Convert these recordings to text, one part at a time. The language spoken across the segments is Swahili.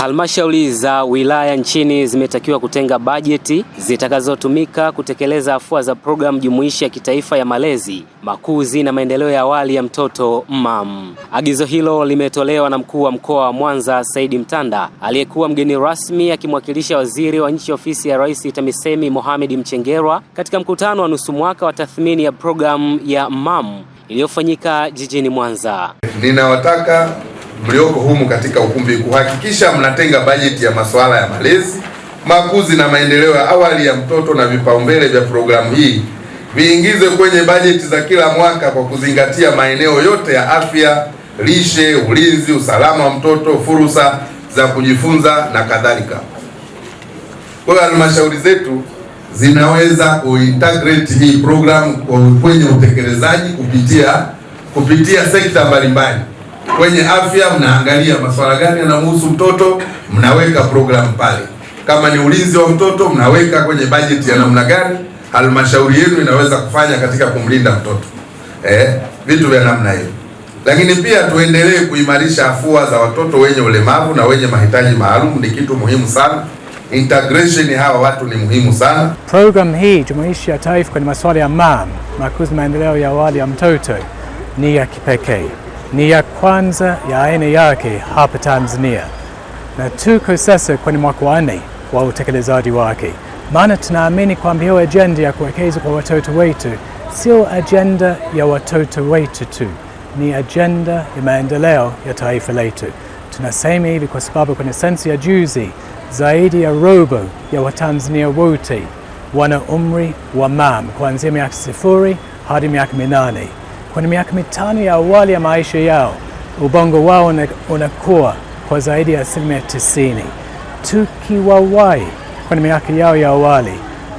Halmashauri za wilaya nchini zimetakiwa kutenga bajeti zitakazotumika kutekeleza afua za programu jumuishi ya kitaifa ya malezi, makuzi na maendeleo ya awali ya mtoto mam Agizo hilo limetolewa na mkuu wa mkoa wa Mwanza Saidi Mtanda aliyekuwa mgeni rasmi akimwakilisha waziri wa nchi ofisi ya Rais TAMISEMI Mohamed Mchengerwa katika mkutano wa nusu mwaka wa tathmini ya programu ya mam iliyofanyika jijini Mwanza. Ninawataka mlioko humu katika ukumbi kuhakikisha mnatenga bajeti ya masuala ya malezi, makuzi na maendeleo ya awali ya mtoto na vipaumbele vya programu hii viingizwe kwenye bajeti za kila mwaka kwa kuzingatia maeneo yote ya afya, lishe, ulinzi, usalama wa mtoto, fursa za kujifunza na kadhalika. Kwa hiyo halmashauri zetu zinaweza kuintegrate hii programu kwenye utekelezaji kupitia kupitia sekta mbalimbali. Kwenye afya mnaangalia masuala gani yanamhusu mtoto, mnaweka programu pale. Kama ni ulinzi wa mtoto, mnaweka kwenye bajeti ya namna gani halmashauri yenu inaweza kufanya katika kumlinda mtoto eh, vitu vya namna hiyo. Lakini pia tuendelee kuimarisha afua za watoto wenye ulemavu na wenye mahitaji maalum, ni kitu muhimu sana. Integration hawa watu ni muhimu sana. Programu hii jumuishi ya taifa kwenye masuala ya MAM, makuzi maendeleo ya awali ya mtoto, ni ya kipekee ni ya kwanza ya aina yake hapa Tanzania, na tuko sasa kwenye mwaka wa nne wa utekelezaji wake, maana tunaamini kwamba hiyo ajenda ya kuwekeza kwa watoto wetu sio ajenda ya watoto wetu tu, ni ajenda ya maendeleo ya taifa letu. Tunasema hivi kwa sababu kwenye sensa ya juzi zaidi ya robo ya Watanzania wote wana umri wa mam kuanzia miaka sifuri hadi miaka minane. Kwenye miaka mitano ya awali ya maisha yao, ubongo wao unakuwa kwa zaidi ya asilimia tisini. tukiwawai kwenye miaka yao ya awali,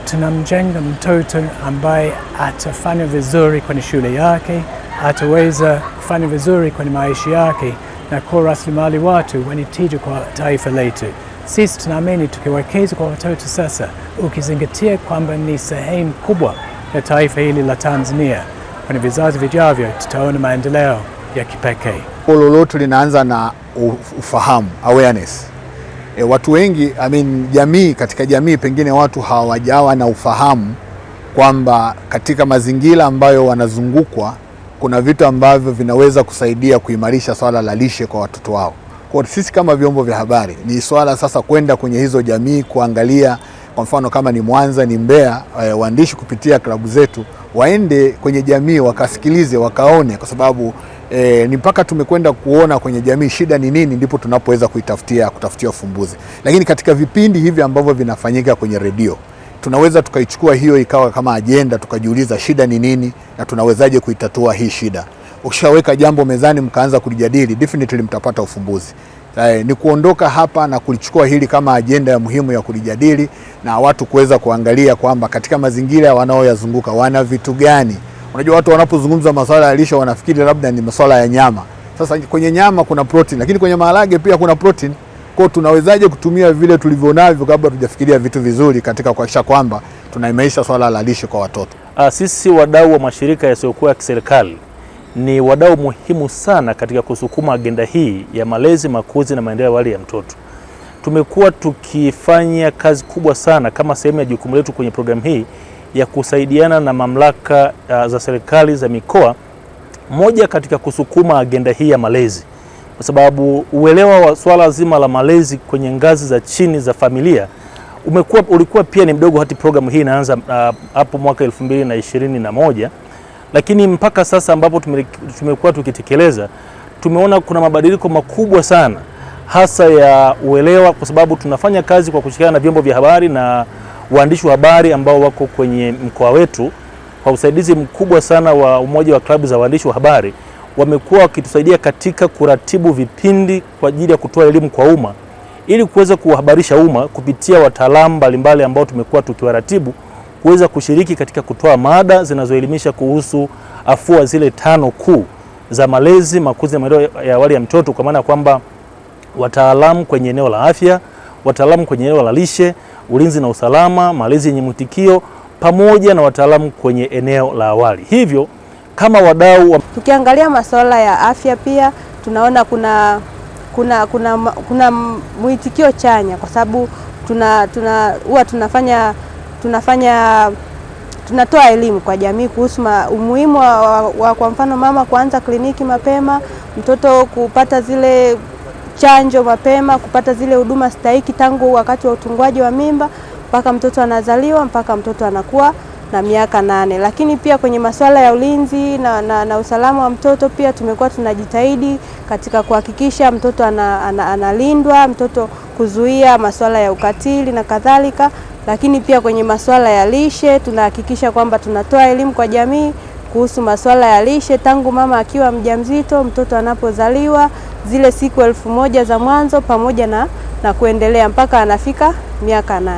tunamjenga mtoto ambaye atafanya vizuri kwenye shule yake, ataweza kufanya vizuri kwenye maisha yake na kuwa rasilimali watu wenye tija kwa taifa letu. Sisi tunaamini tukiwekeza kwa watoto sasa, ukizingatia kwamba ni sehemu kubwa ya taifa hili la Tanzania kwenye vizazi vijavyo tutaona maendeleo ya kipekee. Lolote linaanza na ufahamu, awareness. E, watu wengi I mean, jamii katika jamii pengine watu hawajawa na ufahamu kwamba katika mazingira ambayo wanazungukwa kuna vitu ambavyo vinaweza kusaidia kuimarisha swala la lishe kwa watoto wao. Kwa sisi kama vyombo vya habari ni swala sasa kwenda kwenye hizo jamii kuangalia, kwa mfano kama ni Mwanza, ni Mbeya, e, waandishi kupitia klabu zetu waende kwenye jamii wakasikilize, wakaone, kwa sababu e, ni mpaka tumekwenda kuona kwenye jamii shida ni nini, ndipo tunapoweza kuitafutia kutafutia ufumbuzi. Lakini katika vipindi hivi ambavyo vinafanyika kwenye redio tunaweza tukaichukua hiyo ikawa kama ajenda, tukajiuliza shida ni nini na tunawezaje kuitatua hii shida. Ukishaweka jambo mezani mkaanza kulijadili, definitely mtapata ufumbuzi eh, ni kuondoka hapa na kulichukua hili kama ajenda ya muhimu ya kulijadili na watu kuweza kuangalia kwamba katika mazingira wanaoyazunguka wana vitu gani. Unajua watu wanapozungumza masuala ya lishe wanafikiri labda ni masuala ya nyama. Sasa kwenye nyama kuna protein, lakini kwenye maharage pia kuna protein. Kwa tunawezaje kutumia vile tulivyonavyo kabla tujafikiria vitu vizuri katika kuhakikisha kwamba tunaimarisha swala la lishe kwa watoto. Ah, sisi wadau wa mashirika yasiyokuwa ya kiserikali ni wadau muhimu sana katika kusukuma agenda hii ya malezi, makuzi na maendeleo ya awali ya mtoto. Tumekuwa tukifanya kazi kubwa sana kama sehemu ya jukumu letu kwenye programu hii ya kusaidiana na mamlaka uh, za serikali za mikoa moja katika kusukuma agenda hii ya malezi, kwa sababu uelewa wa swala zima la malezi kwenye ngazi za chini za familia umekuwa ulikuwa pia ni mdogo hati programu hii inaanza uh, hapo uh, mwaka 2021 lakini mpaka sasa ambapo tumekuwa tukitekeleza, tumeona kuna mabadiliko makubwa sana hasa ya uelewa, kwa sababu tunafanya kazi kwa kushirikiana na vyombo vya habari na waandishi wa habari ambao wako kwenye mkoa wetu kwa usaidizi mkubwa sana wa umoja wa klabu za waandishi wa habari wamekuwa wakitusaidia katika kuratibu vipindi kwa ajili ya kutoa elimu kwa umma ili kuweza kuhabarisha umma kupitia wataalamu mbalimbali ambao tumekuwa tukiwaratibu kuweza kushiriki katika kutoa mada zinazoelimisha kuhusu afua zile tano kuu za malezi, makuzi na maendeleo ya awali ya mtoto, kwa maana ya kwamba wataalamu kwenye eneo la afya, wataalamu kwenye eneo la lishe, ulinzi na usalama, malezi yenye mwitikio, pamoja na wataalamu kwenye eneo la awali. Hivyo kama wadau wa... tukiangalia masuala ya afya pia tunaona kuna, kuna, kuna, kuna mwitikio chanya kwa sababu tuna, tuna, huwa tunafanya tunafanya tunatoa elimu kwa jamii kuhusu umuhimu wa, wa, wa kwa mfano mama kuanza kliniki mapema, mtoto kupata zile chanjo mapema, kupata zile huduma stahiki tangu wakati wa utungwaji wa mimba mpaka mtoto anazaliwa mpaka mtoto anakuwa na miaka nane. Lakini pia kwenye masuala ya ulinzi na, na, na usalama wa mtoto pia tumekuwa tunajitahidi katika kuhakikisha mtoto analindwa ana, ana, mtoto kuzuia masuala ya ukatili na kadhalika. Lakini pia kwenye masuala ya lishe tunahakikisha kwamba tunatoa elimu kwa jamii kuhusu masuala ya lishe tangu mama akiwa mjamzito, mtoto anapozaliwa, zile siku elfu moja za mwanzo pamoja na, na kuendelea mpaka anafika miaka nane.